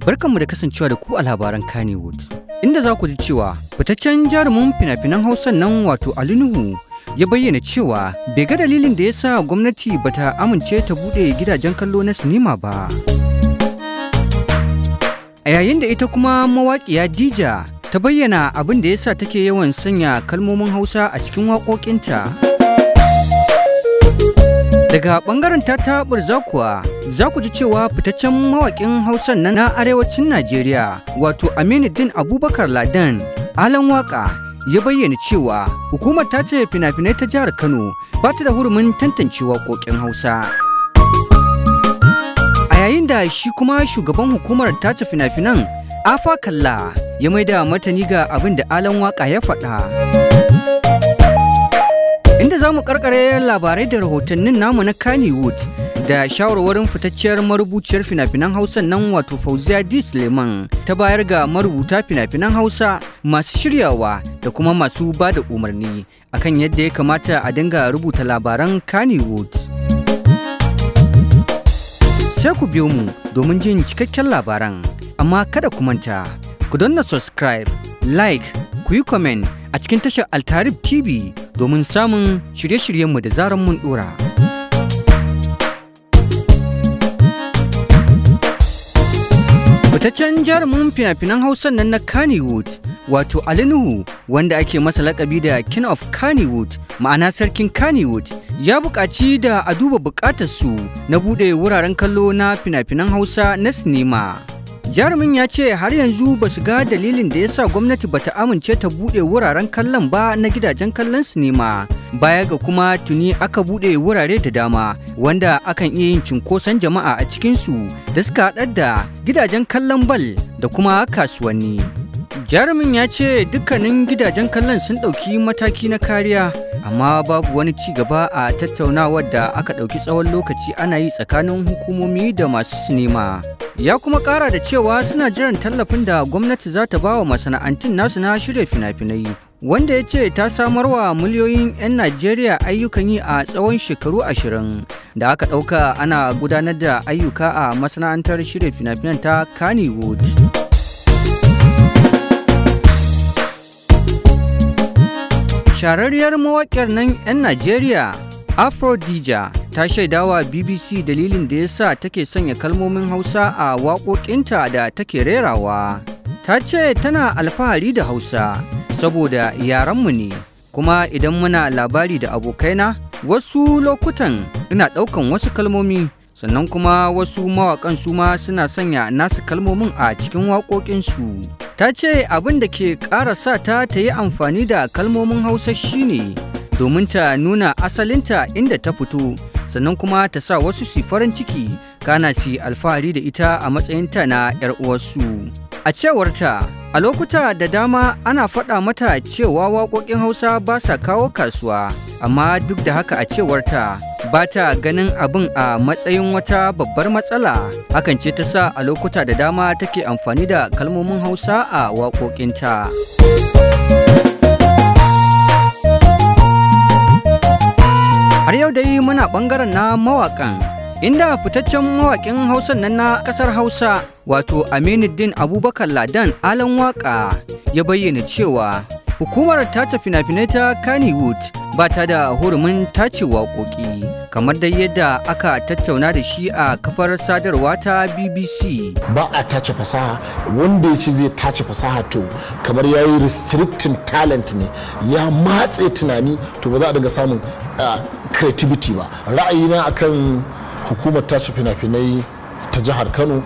Barkanmu da kasancewa da ku a labaran Kannywood, inda za ku ji cewa fitaccen jarumin fina-finan Hausa nan wato Alinuhu ya bayyana cewa bai ga dalilin da ya sa gwamnati bata amince ta buɗe gidajen kallo na sinima ba. A yayin da ita kuma mawaƙiya Dija ta bayyana abin da ya sa take yawan sanya kalmomin Hausa a cikin waƙoƙinta. Daga ɓangaren ta taɓar kuwa za ku ji cewa fitaccen mawakin hausan nan na arewacin najeriya wato Aminu din abubakar ladan alan waka ya bayyana cewa hukumar ta ce fina-finai ta jihar kano ba ta da hurumin tantancewa waƙoƙin hausa a yayin da shi kuma shugaban hukumar ta ce fina-finan afa kalla ya maida martani ga abin da alan waka ya faɗa inda za mu karkare labarai da rahotannin namu na kannywood da shawarwarin fitacciyar marubuciyar fina-finan Hausa nan wato Fauziya D. Suleiman ta bayar ga marubuta fina-finan Hausa masu shiryawa da kuma masu ba da umarni akan yadda ya kamata a dinga rubuta labaran Kannywood. Sai ku biyo mu domin jin cikakken labaran, amma kada ku manta, ku donna subscribe, like, ku yi comment a cikin tashar Altarib TV domin samun shirye-shiryenmu da zarar mun dora. Fitaccen jarumin fina-finan Hausa nan na Kannywood, wato Alinuhu, wanda ake masa lakabi da King of Kannywood, ma'ana sarkin Kannywood, ya buƙaci da a duba buƙatarsu na buɗe wuraren kallo na fina-finan Hausa na sinima. Jarumin ya ce har yanzu ba su ga dalilin da ya sa gwamnati bata amince ta buɗe wuraren kallon ba na gidajen kallon sinima. baya ga kuma tuni aka buɗe wurare da dama wanda akan iya yin cinkoson jama'a a cikinsu da suka haɗar da gidajen kallon bal da kuma kasuwanni jarumin ya ce dukkanin gidajen kallon sun ɗauki mataki na kariya amma babu wani ci gaba a tattaunawar da aka ɗauki tsawon lokaci ana yi tsakanin hukumomi da masu sinima ya kuma ƙara da cewa suna jiran tallafin da gwamnati za ta ba wa masana'antun nasu na shirya fina-finai wanda ya ce ta samar wa miliyoyin 'yan Najeriya ayyukan yi a tsawon shekaru ashirin da aka ɗauka ana gudanar da ayyuka a masana'antar shirya fina-finan ta Kannywood. Shararriyar mawaƙiyar nan 'yan Najeriya, Afrodija, ta shaidawa BBC dalilin da ya sa take sanya kalmomin Hausa a waƙoƙinta da take rerawa. Ta ce tana alfahari da Hausa. saboda yaranmu ne kuma idan muna labari da abokaina wasu lokutan ina ɗaukan wasu kalmomi sannan kuma wasu mawaƙan su ma suna sanya nasu kalmomin a cikin waƙoƙinsu ta ce abin da ke ƙara sa ta ta yi amfani da kalmomin hausa shine domin ta nuna asalinta inda ta fito sannan kuma ta sa wasu su farin ciki kana si alfahari da ita a matsayinta na 'yar uwarsu. A cewarta, a lokuta da dama ana faɗa mata cewa waƙoƙin Hausa ba sa kawo kasuwa, amma duk da haka a cewarta ba ta ganin abin a matsayin wata babbar matsala. Hakan ce ta sa a lokuta da dama take amfani da kalmomin Hausa a waƙoƙinta. Har yau dai muna ɓangaren na mawaƙan. inda fitaccen mawaƙin hausan nan na ƙasar hausa wato aminuddin abubakar ladan alan waƙa ya bayyana cewa hukumar tace fina-finai ta kannywood ba ta da hurumin tace waƙoƙi kamar dai yadda aka tattauna da shi a kafar sadarwa ta bbc ba a tace fasaha wanda ya ce zai tace fasaha to kamar ya yi restricting talent ne ya matse tunani to ba za a daga samun ah, creativity ba ra'ayina akan hukumar tace fina-finai ta jihar kano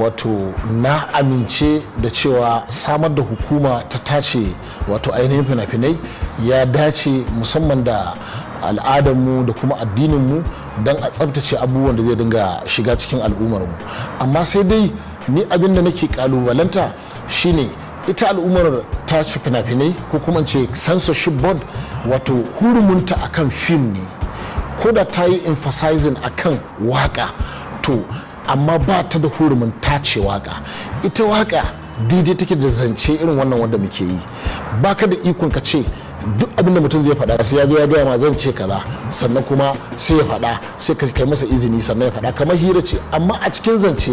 wato na amince da cewa samar da hukuma ta tace wato ainihin fina-finai ya dace musamman da al'adarmu da kuma addininmu don a tsabtace abubuwan da zai dinga shiga cikin al'ummarmu amma sai dai ni abin da nake kalubalanta shine ita al'ummar tace fina-finai ko kuma ce censorship board wato hurumunta akan fim ne ko da ta yi emphasizing kan waka to amma ba ta da hurumin tace waka ita waka daidai take da zance irin wannan wanda muke yi ba ka da ikon ka ce duk abin da mutum zai faɗa sai ya zo ya gaya ma zan ce kaza sannan kuma sai ya faɗa sai ka kai masa izini sannan ya faɗa kamar hira ce amma a cikin zance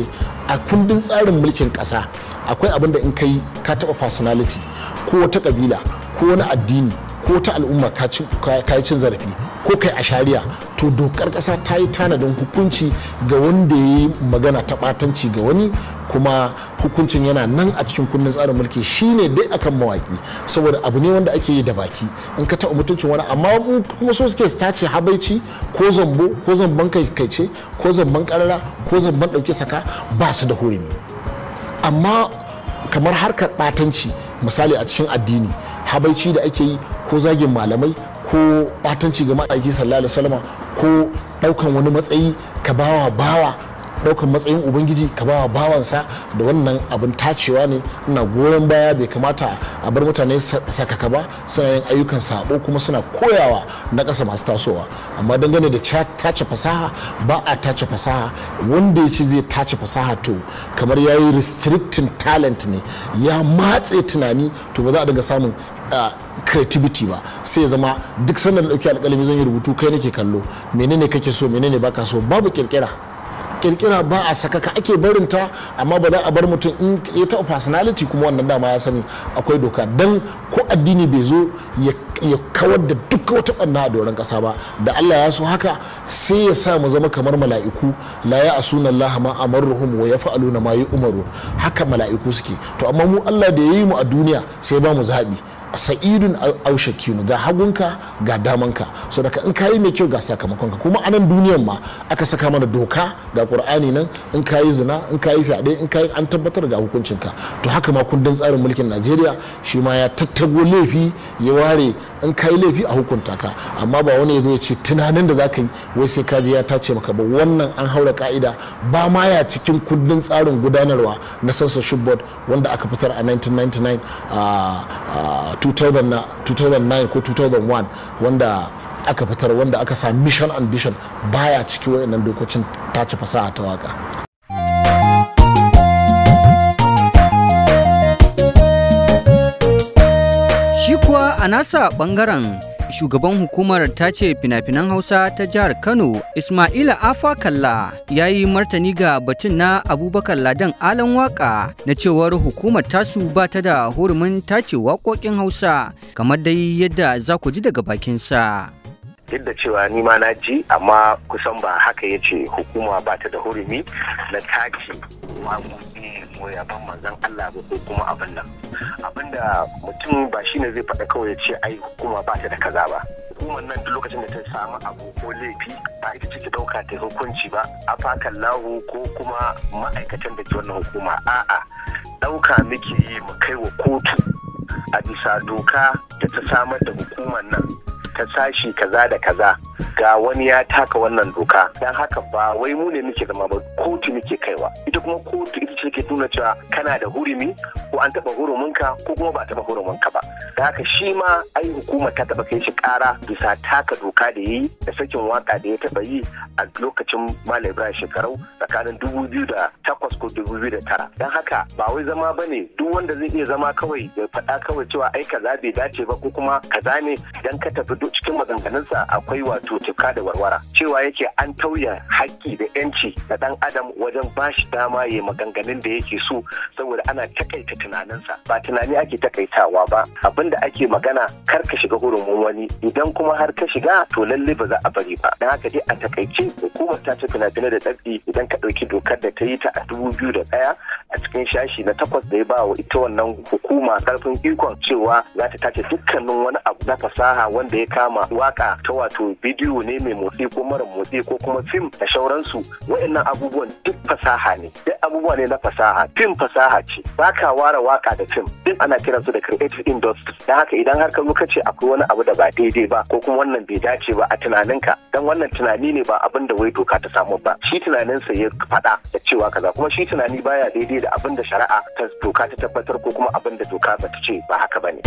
a kundin tsarin mulkin ƙasa akwai abin da in kai ka taɓa personality ko wata ƙabila ko wani addini ko wata al'umma ka yi cin zarafi ko kai a shari'a to dokar ƙasa ta yi tanadin hukunci ga wanda ya yi magana ta ɓatanci ga wani kuma hukuncin yana nan a cikin kundin tsarin mulki shine dai akan mawaki saboda abu ne wanda ake yi da baki in ka taɓa mutuncin wani amma kuma so suke su tace habaici ko zambo ko zamban kaikaice ko zamban karara ko zamban ɗauke saka ba su da hurumi amma kamar harkar ɓatanci misali a cikin addini habaici da ake yi ko zagin malamai ko batanci ga ma'aiki sallallahu alaihi wasallam ko ɗaukan wani matsayi ka bawa bawa daukan matsayin ubangiji ka ba bawansa da wannan abin tacewa ne ina goyon baya bai kamata a bar mutane sakaka ba suna yin ayyukan sabo kuma suna koyawa na ƙasa masu tasowa amma dangane da tace fasaha ba a tace fasaha wanda ya ce zai tace fasaha to kamar ya yi restricting talent ne ya matse tunani to ba za a daga samun creativity ba sai ya zama duk sandan da ɗauki alƙalami zan yi rubutu kai nake kallo menene kake so menene baka so babu kirkira kirkira ba a sakaka ake barinta amma ba za a bar mutum in ya taɓa personality kuma wannan dama ya sani akwai doka don ko addini bai zo ya kawar da duk wata ɓanna a doron ƙasa ba da Allah ya so haka sai ya sa mu zama kamar mala'iku laya a sunan Lahama a amaruhum wa ya na ma Umaru haka mala'iku suke to amma mu Allah da ya yi mu a duniya sai ba mu zaɓi sa'idun aushakinu ga hagunka ga damanka so daga in kayi mai kyau ga sakamakonka kuma anan duniyan ma aka saka mana doka ga qur'ani nan in kayi zina in kayi fyaɗe in kayi an tabbatar ga hukuncinka to haka ma kundin tsarin mulkin najeriya shi ma ya tattago laifi ya ware in ka yi laifi a hukunta ka amma ba wani ya ya ce tunanin da za ka yi wai sai kaji ya tace maka ba wannan an haura ka'ida ba ma ya cikin kundin tsarin gudanarwa na censorship board wanda aka fitar a 1999 a 2009 ko 2001 wanda aka fitar wanda aka sami mission ambition baya ciki wayannan dokocin tace fasaha ta waka nasa bangaren shugaban hukumar ta ce fina-finan hausa ta jihar kano ismaila afa kalla ya yi martani ga batun na abubakar ladan alan waka na cewar hukumar tasu ba ta da hurumin tace waƙoƙin hausa kamar dai yadda za ku ji daga bakinsa duk da cewa ni ma na ji amma kusan ba haka ya ce hukuma ba ta da hurumi na taki ko ban manzan Allah ba ko kuma abin nan abinda mutum ba shi ne zai faɗa kawai ya ce ai hukuma ba ta da kaza ba hukumar nan duk lokacin da ta samu abu ko laifi ba ita ce ɗauka ta hukunci ba A fakan lahu ko kuma ma'aikatan da ke wannan hukuma a'a ɗauka muke yi mu kai wa kotu a bisa doka da ta samar da hukumar nan ta sashi kaza da kaza ga wani ya taka wannan doka dan haka ba wai mu ne muke zama ba kotu muke kaiwa ita kuma kotu ita ce ke nuna cewa kana da hurumi ko an taba huruminka ko kuma ba taba huruminka ba da haka shi ma ai hukuma ta taba kai shi kara bisa taka doka da yi da sakin waka da ya taba yi a lokacin malam ibrahim shekarau tsakanin dubu biyu da takwas ko dubu biyu da tara dan haka ba wai zama ba ne duk wanda zai iya zama kawai ya faɗa kawai cewa ai kaza bai dace ba ko kuma kaza ne dan ka tafi wato cikin maganganunsa akwai wato tuka da warwara cewa yake an tauya haƙƙi da yanci na ɗan adam wajen bashi dama ya maganganun da yake so saboda ana takaita tunaninsa ba tunani ake takaitawa ba abin da ake magana kar ka shiga hurumin wani idan kuma har ka shiga to lalle ba za a bari ba don haka dai a takaice hukumar ta ce fina da tsarki idan ka ɗauki dokar da ta yi ta a dubu biyu da ɗaya a cikin shashi na takwas da ya ba wa ita wannan hukuma ƙarfin ikon cewa za ta tace dukkanin wani abu na fasaha wanda ya kama waka ta wato bidiyo ne mai motsi ko mara motsi ko kuma fim da shauransu wa'annan abubuwan duk fasaha ne duk abubuwa ne na fasaha fim fasaha ce baka wara waka da fim duk ana kiran su da creative industry dan haka idan har ka zo kace akwai wani abu da ba daidai ba ko kuma wannan bai dace ba a tunaninka dan wannan tunani ne ba abin da wai doka ta samu ba shi tunanin sa ya faɗa da cewa kaza kuma shi tunani baya daidai da abin da shari'a ta doka ta tabbatar ko kuma abin da doka ba ta ce ba haka ba ne.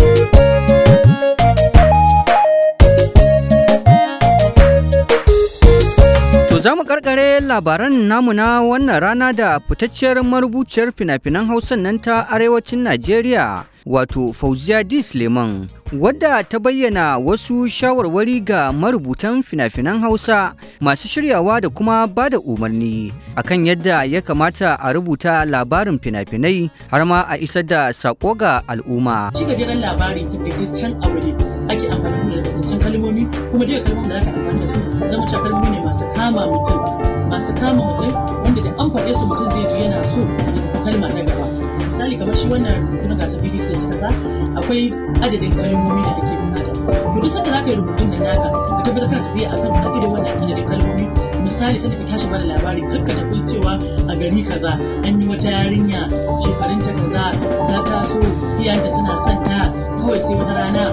Za mu karkare labaran namu na wannan rana da fitacciyar marubuciyar fina-finan Hausan nan ta arewacin Najeriya wato Fauziya D. Suleiman wadda ta bayyana wasu shawarwari ga marubutan fina-finan Hausa masu shiryawa da kuma ba da umarni akan yadda ya kamata a rubuta labarin fina-finai har ma a isar da sako ga al'umma. ake amfani da can kalmomi kuma dai kalmomin da aka amfani da su zama kalmomi ne masu kama mutum masu kama mutum wanda da an faɗe su mutum zai ji yana so ya kalma na gaba misali kamar shi wannan mutum ga bbc kaza akwai adadin kalmomi da kake bukata to duk sanda zaka yi rubutun da naka ka tabbatar a tafiya kafi da wannan da kalmomi misali sai ka tashi bada labari kanka ka kulcewa cewa a gari kaza an yi wata yarinya shekarun ta kaza ta taso iyayenta suna son ta kawai sai wata rana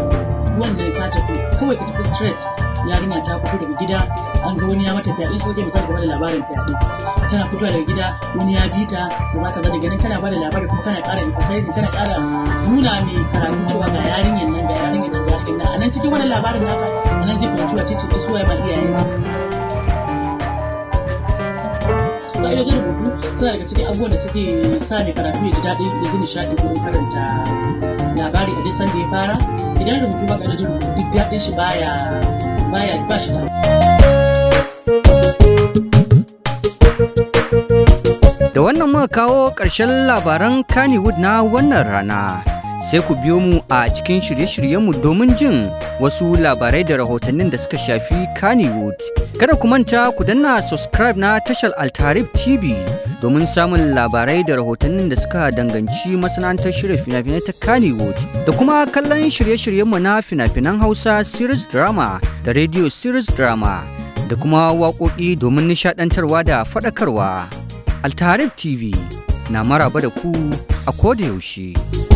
wanda ya tafi kawai ka tafi straight yarinya ta fito daga gida an ga wani ya mata fyaɗe sai misali sake da labarin fyaɗe tana fitowa daga gida wani ya bi ta ko za ka ba ganin kana ba da labarin kuma kana ƙara emphasizing kana ƙara nuna mai karatu cewa ga yarinyar nan ga yarinyar nan ga yarinyar nan a nan cikin wannan labarin naka a nan zai fahimci wace ce ta suwaye ba iyaye ba ƙa'idojin rubutu suna daga cikin abubuwan da suke sa mai karatu ya ji daɗi da ji nishaɗi wurin karanta labari a duk sanda ya fara idan rubutu ba ƙa'idojin rubutu duk daɗin shi baya da wannan muka kawo ƙarshen labaran Kannywood na wannan rana. Sai ku biyo mu a cikin shirye-shiryenmu domin jin wasu labarai da rahotannin da suka shafi Kannywood. Kada ku manta ku danna subscribe na tashar Altarib TV. domin samun labarai da rahotannin da suka danganci masana'antar shirin fina-finai ta Kannywood da kuma kallon shirye-shiryenmu na fina-finan Hausa series drama da radio series drama da kuma waƙoƙi domin nishaɗantarwa da faɗakarwa. altarif TV na maraba da ku a kodayaushe. yaushe.